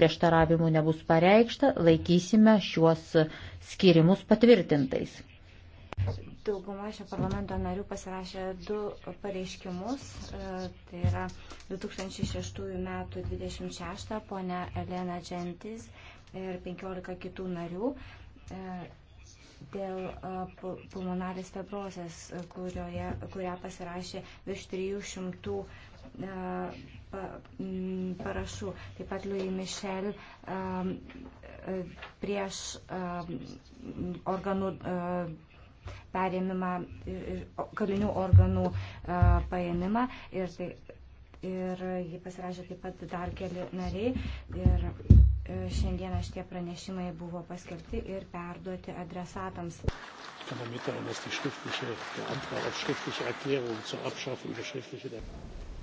prieštaravimų nebus pareikšta, laikysime šiuos skirimus patvirtintais. Dauguma šio parlamento narių pasirašė du pareiškimus. E, tai yra 2006 m. 26 ponia Elena Gentis ir 15 kitų narių e, dėl e, pulmonarės fibrozės, kurią pasirašė virš 300 Mm, parašų. Taip pat Louis Michel um, prieš um, organų uh, perėmimą, kalinių organų uh, paėmimą ir, tai, ir jį pasirašė taip pat dar keli nariai ir e, šiandieną šitie pranešimai buvo paskelbti ir perduoti adresatams. Kann damit sein, dass die schriftliche, der Antrag auf schriftliche Erklärung zur Abschaffung der schriftlichen Erklärung.